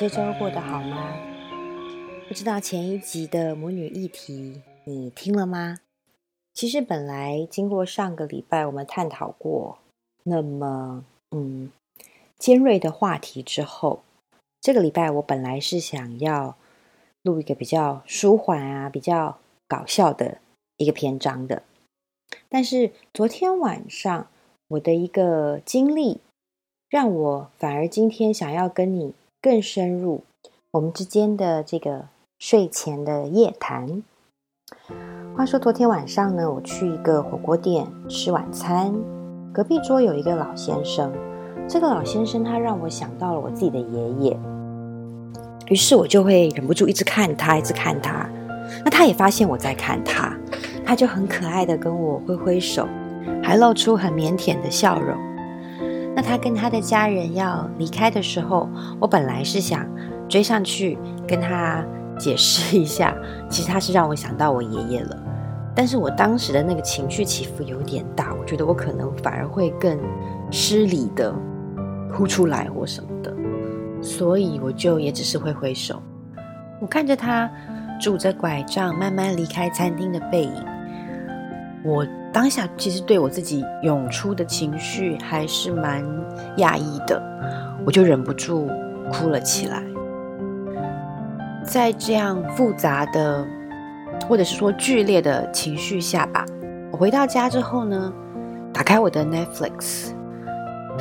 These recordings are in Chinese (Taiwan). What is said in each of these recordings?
這週過得好嗎？不知道前一集的母女議題你聽了嗎？其實本來經過上個禮拜我們探討過那麼嗯尖銳的話題之後，這個禮拜我本來是想要錄一個比較舒緩啊、比較搞笑的一個篇章的，但是昨天晚上我的一個經歷，讓我反而今天想要跟你。更深入我們之間的這個睡前的夜談。話說昨天晚上呢，我去一個火鍋店吃晚餐，隔壁桌有一個老先生。這個老先生他讓我想到了我自己的爺爺，於是我就會忍不住一直看他，一直看他。那他也發現我在看他，他就很可愛的跟我揮揮手，還露出很腼腆的笑容。他跟他的家人要離開的時候，我本來是想追上去跟他解釋一下，其實他是讓我想到我爺爺了，但是我當時的那個情緒起伏有點大，我覺得我可能反而會更失禮的哭出來或什麼的，所以我就也只是揮揮手，我看着他拄着拐杖，慢慢離開餐廳的背影，我。當下其實對我自己湧出的情緒還是蠻訝異的，我就忍不住哭了起來。在這樣複雜的，或者是說劇烈的情緒下吧，我回到家之後呢，打開我的 Netflix，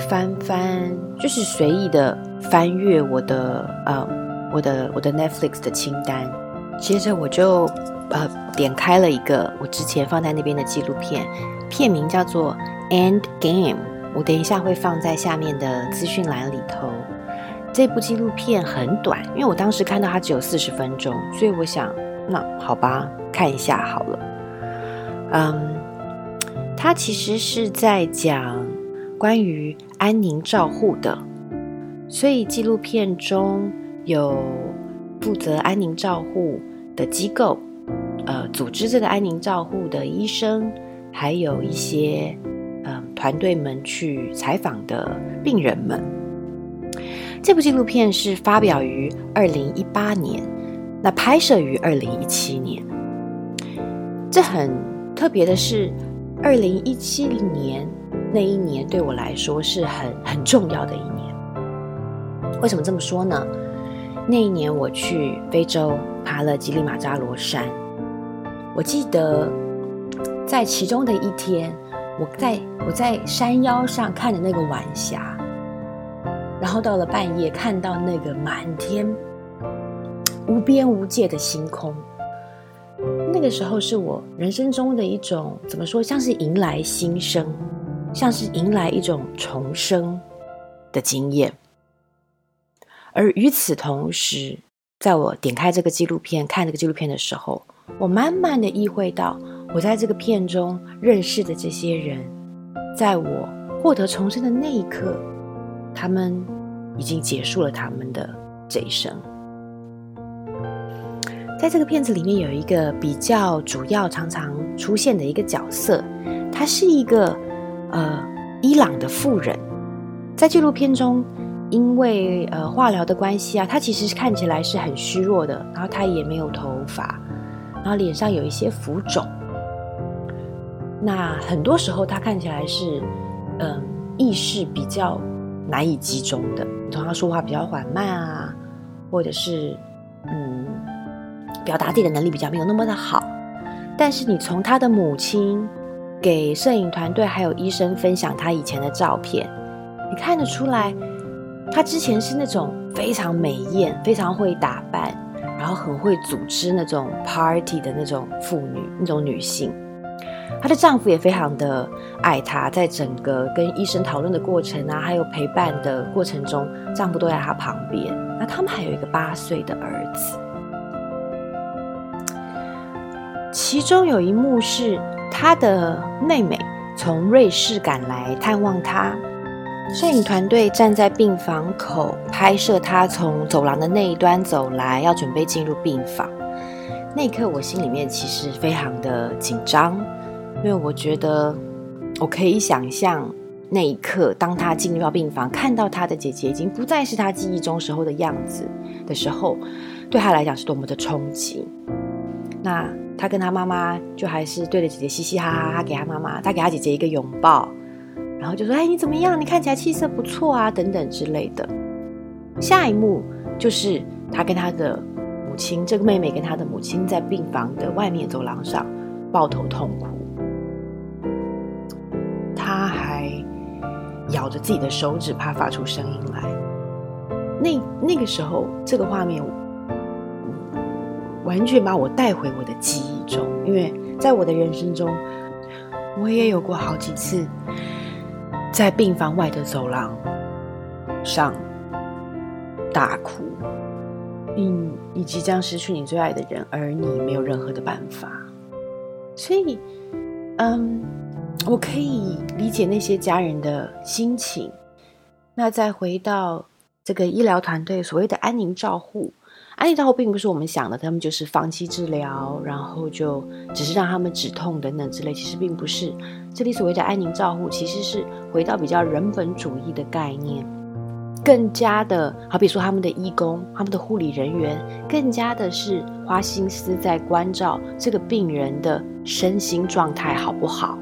翻翻就是隨意的翻閱我的呃我的我的 Netflix 的清單，接着我就。呃，點開了一個我之前放在那邊的紀錄片，片名叫做《End Game》，我等一下會放在下面的資訊欄裡頭。這部紀錄片很短，因為我當時看到它只有四十分鐘，所以我想，那好吧，看一下好了。嗯，它其實是在講關於安寧照護的，所以紀錄片中有負責安寧照護的機構。呃，組織這個安寧照護的醫生，還有一些嗯、呃、團隊們去採訪的病人們。這部紀錄片是發表於二零一八年，那拍攝於二零一七年。這很特別的是，二零一七年那一年對我來說是很很重要的一年。為什麼這麼說呢？那一年我去非洲爬了吉利馬扎羅山。我記得在其中的一天，我在我在山腰上看着那個晚霞，然後到了半夜看到那個滿天無邊無界的星空。那個時候是我人生中的一種，怎麼說，像是迎來新生，像是迎來一種重生的經驗。而與此同時，在我點開這個紀錄片、看這個紀錄片的時候。我慢慢的意會到，我在這個片中認識的這些人，在我獲得重生的那一刻，他們已經結束了他們的這一生。在這個片子裡面，有一個比較主要、常常出現的一個角色，他是一個呃伊朗的富人。在紀錄片中，因為呃化療的關係啊，他其實是看起來是很虛弱的，然後他也沒有頭髮。然後臉上有一些浮腫，那很多時候他看起來是，嗯、呃，意識比較難以集中的，通常他說話比較緩慢啊，或者是嗯，表達自己的能力比較沒有那麼的好。但是你從他的母親給攝影團隊還有醫生分享他以前的照片，你看得出來，他之前是那種非常美艷、非常會打扮，然後很會組織那種 party 的那種婦女，那種女性，她的丈夫也非常的愛她，在整個跟醫生討論的過程啊，還有陪伴的過程中，丈夫都在她旁邊。那他們還有一個八歲的兒子，其中有一幕是她的妹妹從瑞士趕來探望她。攝影團隊站在病房口拍攝，他從走廊的那一端走來，要準備進入病房。那一刻，我心裡面其實非常的緊張，因為我覺得我可以想象那一刻，當他進入到病房，看到他的姐姐已經不再是他記憶中時候的樣子的時候，對他來講是多麼的衝擊。那他跟他媽媽就還是對着姐姐嘻嘻哈哈，哈給他媽媽，他給他姐姐一個擁抱。然後就說：“哎，你怎麼樣？你看起來氣色不錯啊，等等之類的。”下一幕就是他跟他的母親，這個妹妹跟他的母親在病房的外面走廊上抱頭痛哭，他還咬着自己的手指，怕發出聲音來。那那個時候，這個畫面完全把我帶回我的記憶中，因為在我的人生中，我也有過好幾次。在病房外的走廊上大哭，你、嗯、你即將失去你最愛的人，而你沒有任何的辦法。所以，嗯，我可以理解那些家人的心情。那再回到這個醫療團隊所謂的安寧照護。安寧照護並不是我們想的，他們就是放棄治療，然後就只是讓他們止痛等等之類。其實並不是，這裡所謂的安寧照護，其實是回到比較人本主義的概念，更加的好比說他們的義工、他們的護理人員，更加的是花心思在關照這個病人的身心狀態好不好，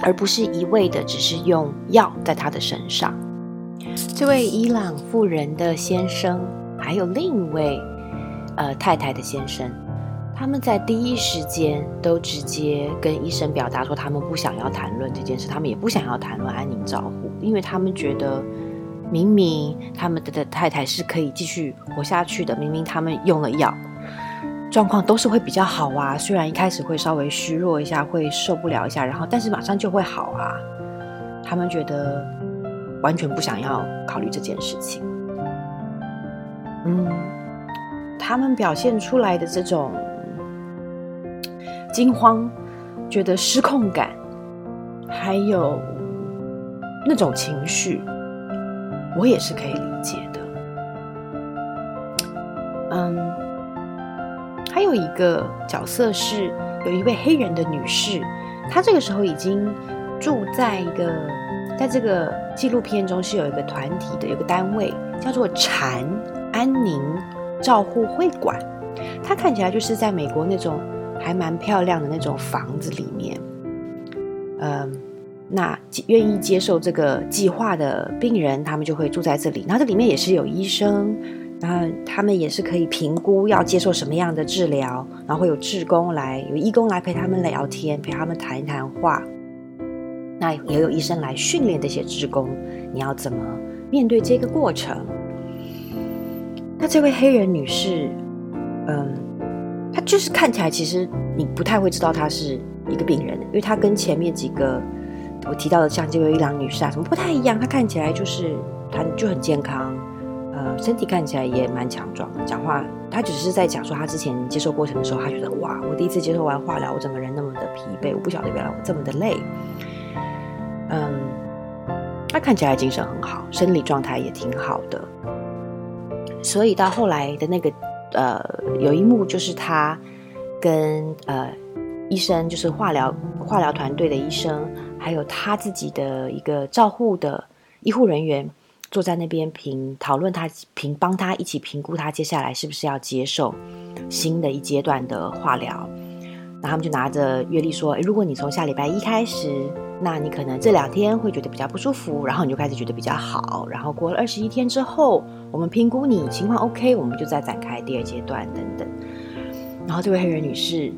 而不是一味的只是用藥在他的身上。這位伊朗夫人的先生。還有另一位，呃，太太的先生，他們在第一時間都直接跟醫生表達說，他們不想要談論這件事，他們也不想要談論安寧照護，因為他們覺得，明明他們的的太太是可以繼續活下去的，明明他們用了藥，狀況都是會比較好啊，雖然一開始會稍微虛弱一下，會受不了一下，然後但是馬上就會好啊，他們覺得完全不想要考慮這件事情。嗯，他們表現出來的這種驚慌、覺得失控感，還有那種情緒，我也是可以理解的。嗯，還有一個角色是有一位黑人的女士，她這個時候已經住在一個，在這個紀錄片中是有一個團體的，有個單位叫做禪。安寧照護會館，它看起來就是在美國那種還蠻漂亮的那種房子裡面。嗯，那願意接受這個計劃的病人，他們就會住在這裡。然後這裡面也是有醫生，然後他們也是可以評估要接受什麼樣的治療。然後會有志工來，有義工來陪他們聊天，陪他們談一談話。那也有醫生來訓練這些志工，你要怎麼面對這個過程？那這位黑人女士，嗯、呃，她就是看起來，其實你不太會知道她是一個病人，因為她跟前面幾個我提到的，像這位伊朗女士啊，什麼不太一樣。她看起來就是她就很健康，呃，身體看起來也蠻強壯的。講話，她只是在講說，她之前接受過程的時候，她覺得哇，我第一次接受完化療，我整個人那麼的疲憊，我不曉得原來我這麼的累。嗯、呃，她看起來精神很好，生理狀態也挺好的。所以到後來的那個，呃，有一幕就是他跟呃醫生，就是化療化療團隊的醫生，還有他自己的一個照護的醫護人員坐在那邊評討論他評幫他一起評估他接下來是不是要接受新的一階段的化療，然後他們就拿着月曆說，如果你從下禮拜一開始。那你可能這兩天會覺得比較不舒服，然後你就開始覺得比較好，然後過了二十一天之後，我們評估你情況 OK，我們就再展開第二階段等等。然後這位黑人女士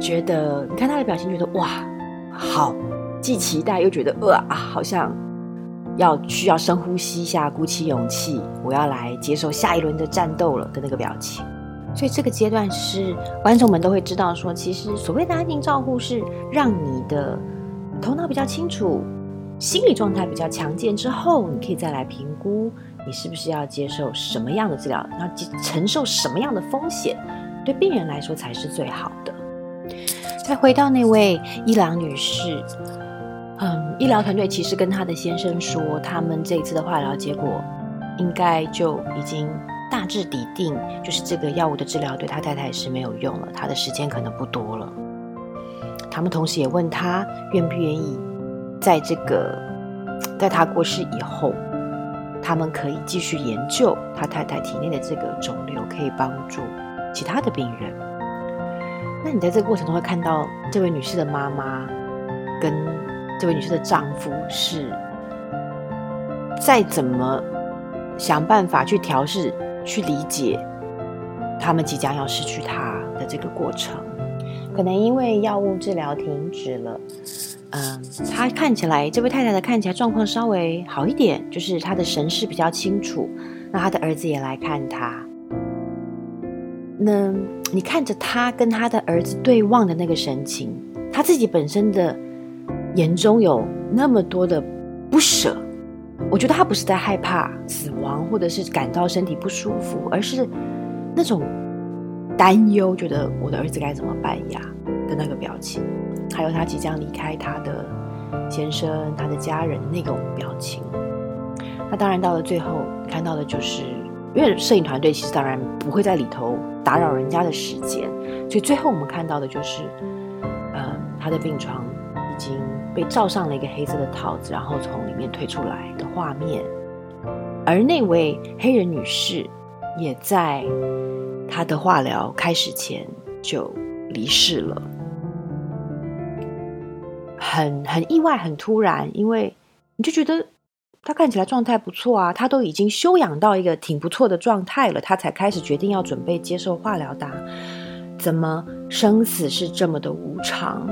覺得，你看她的表情，覺得哇，好，既期待又覺得啊、呃，好像要需要深呼吸一下，鼓起勇氣，我要來接受下一輪的戰鬥了的那個表情。所以這個階段是觀眾們都會知道說，其實所謂的安寧照護是讓你的。頭腦比較清楚，心理狀態比較強健之後，你可以再來評估你是不是要接受什麼樣的治療，然後承承受什麼樣的風險，對病人來說才是最好的。再回到那位伊朗女士，嗯，醫療團隊其實跟她的先生說，他們這一次的化療結果應該就已經大致底定，就是這個藥物的治療對她太太是沒有用了，她的時間可能不多了。他們同時也問他願不願意，在這個在他過世以後，他們可以繼續研究他太太體內的這個腫瘤，可以幫助其他的病人。那你在這個過程中會看到這位女士的媽媽跟這位女士的丈夫是在怎麼想辦法去調適，去理解他們即將要失去他的這個過程。可能因為藥物治療停止了，嗯、呃，他看起來，這位太太的看起來狀況稍微好一點，就是她的神識比較清楚。那她的兒子也來看她，那你看着她跟她的兒子對望的那個神情，她自己本身的眼中有那麼多的不捨，我覺得她不是在害怕死亡，或者是感到身體不舒服，而是那種，擔憂，覺得我的兒子該怎麼辦呀？的那個表情，還有他即將離開他的先生、他的家人的那種表情。那當然，到了最後看到的就是，因為攝影團隊其實當然不會在裡頭打擾人家的時間，所以最後我們看到的就是，呃，他的病床已經被罩上了一個黑色的套子，然後從裡面退出來的畫面，而那位黑人女士也在。他的化療開始前就離世了，很、很很意外，很突然，因為你就覺得他看起來狀態不錯啊，他都已經休養到一個挺不錯的狀態了，他才開始決定要準備接受化療的啊，怎麼生死是這麼的無常？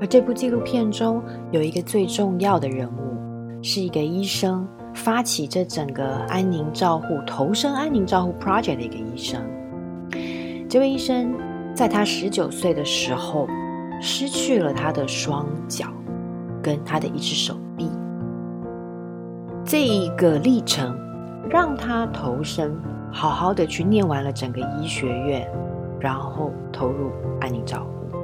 而這部紀錄片中有一個最重要的人物，是一個醫生。發起這整個安寧照護、投身安寧照護 project 的一個醫生，這位醫生在他十九歲的時候失去了他的雙腳，跟他的一只手臂。這一個歷程讓他投身，好好的去念完了整個醫學院，然後投入安寧照護。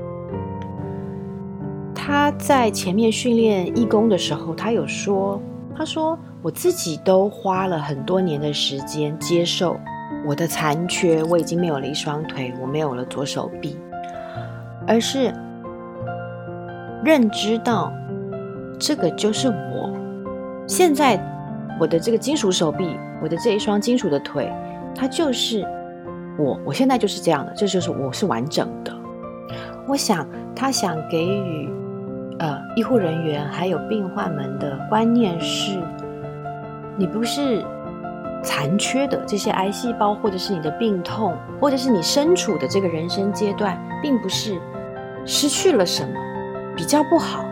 他在前面訓練義工的時候，他有說。他說：“我自己都花了很多年的時間接受我的殘缺，我已經沒有了一雙腿，我沒有了左手臂，而是認知到這個就是我。現在我的這個金屬手臂，我的這一雙金屬的腿，它就是我。我現在就是這樣的，這就是我是完整的。我想他想給予。”呃，醫護人員還有病患們的觀念是，你不是殘缺的，這些癌細胞或者是你的病痛，或者是你身處的這個人生階段，並不是失去了什麼，比較不好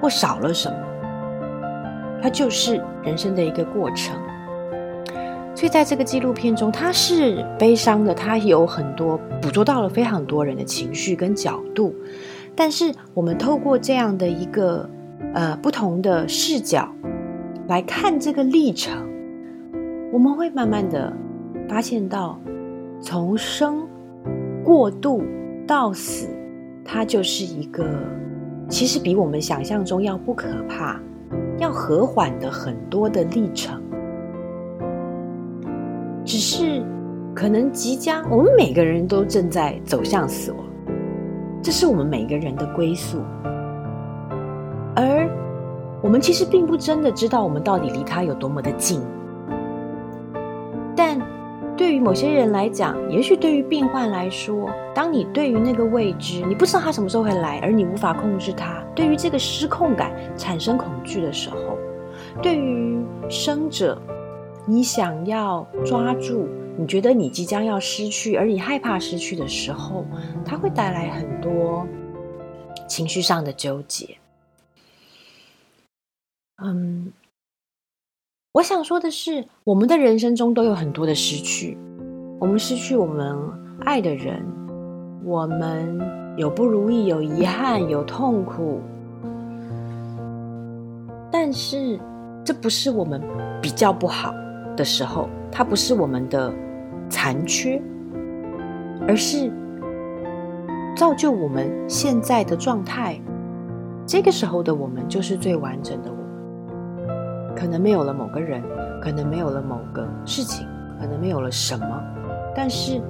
或少了什麼，它就是人生的一個過程。所以在這個紀錄片中，它是悲傷的，它有很多捕捉到了非常多人的情緒跟角度。但是，我們透過這樣的一個，呃，不同的視角來看這個歷程，我們會慢慢的發現到，從生過渡到死，它就是一個其實比我們想象中要不可怕、要和緩的很多的歷程。只是可能即將，我們每個人都正在走向死亡。這是我們每一個人的歸宿，而我們其實並不真的知道我們到底離他有多麼的近。但對於某些人來講，也許對於病患來說，當你對於那個未知，你不知道他什麼時候會來，而你無法控制他，對於這個失控感產生恐懼的時候，對於生者，你想要抓住。你覺得你即將要失去，而你害怕失去的時候，它會帶來很多情緒上的糾結。嗯，我想說的是，我們的人生中都有很多的失去，我們失去我們愛的人，我們有不如意，有遺憾，有痛苦，但是這不是我們比較不好的時候，它不是我們的。殘缺，而是造就我們現在的狀態。這個時候的我們，就是最完整的我。可能沒有了某個人，可能沒有了某個事情，可能沒有了什麼，但是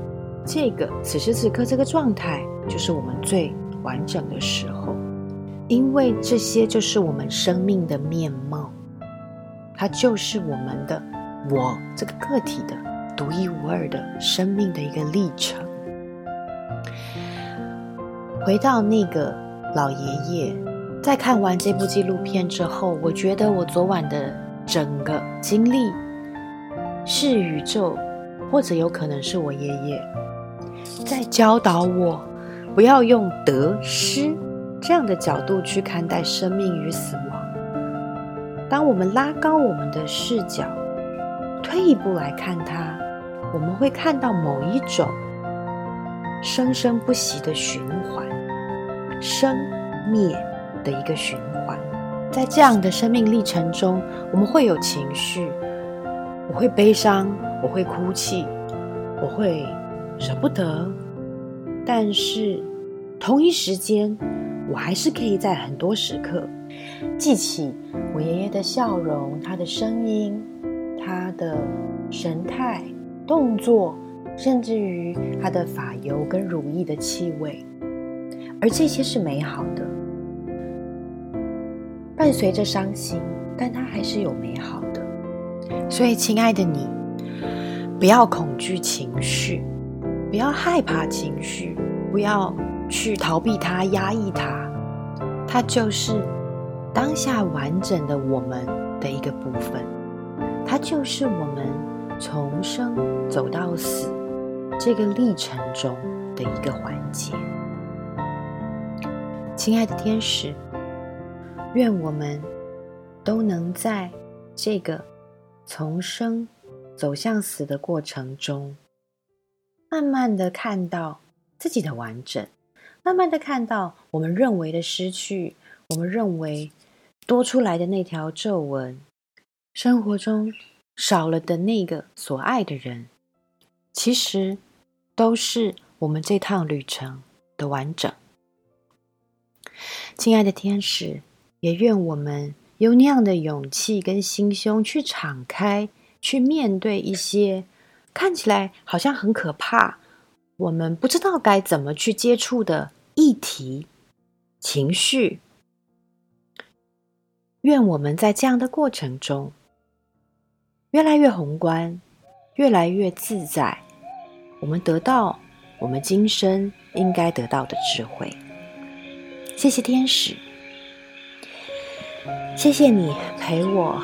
這個此時此刻這個狀態，就是我們最完整的時候。因為這些就是我們生命的面貌，它就是我們的我這個個體的獨一無二的生命的一個歷程。回到那個老爺爺，在看完這部紀錄片之後，我覺得我昨晚的整個經歷是宇宙，或者有可能是我爺爺在教導我，不要用得失這樣的角度去看待生命與死亡。當我們拉高我們的視角，退一步來看它。我們會看到某一種生生不息的循環，生滅的一個循環。在這樣的生命歷程中，我們會有情緒，我會悲傷，我會哭泣，我會捨不得。但是，同一時間，我還是可以在很多時刻記起我爺爺的笑容、他的聲音、他的神態。動作，甚至於它的髮油跟乳液的氣味，而這些是美好的，伴隨着傷心，但它還是有美好的。所以，親愛的你，不要恐懼情緒，不要害怕情緒，不要去逃避它、壓抑它，它就是當下完整的我們的一個部分，它就是我們。從生走到死這個歷程中的一個環節。親愛的天使，願我們都能在這個從生走向死的過程中，慢慢的看到自己的完整，慢慢的看到我們認為的失去，我們認為多出來的那條皺紋，生活中。少了的那個所愛的人，其實都是我們這趟旅程的完整。親愛的天使，也願我們有那樣的勇氣跟心胸去敞開，去面對一些看起來好像很可怕、我們不知道該怎麼去接觸的議題、情緒。願我們在這樣的過程中。越來越宏觀，越來越自在，我們得到我們今生應該得到的智慧。謝謝天使，謝謝你陪我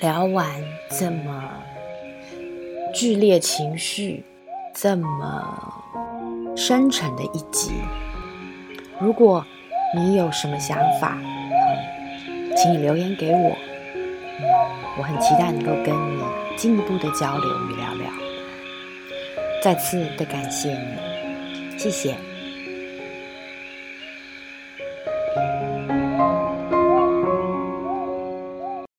聊完這麼劇烈情緒、這麼深沉的一集。如果你有什麼想法，嗯，請你留言給我。嗯、我很期待能夠跟你進一步的交流與聊聊。再次的感謝你，謝謝。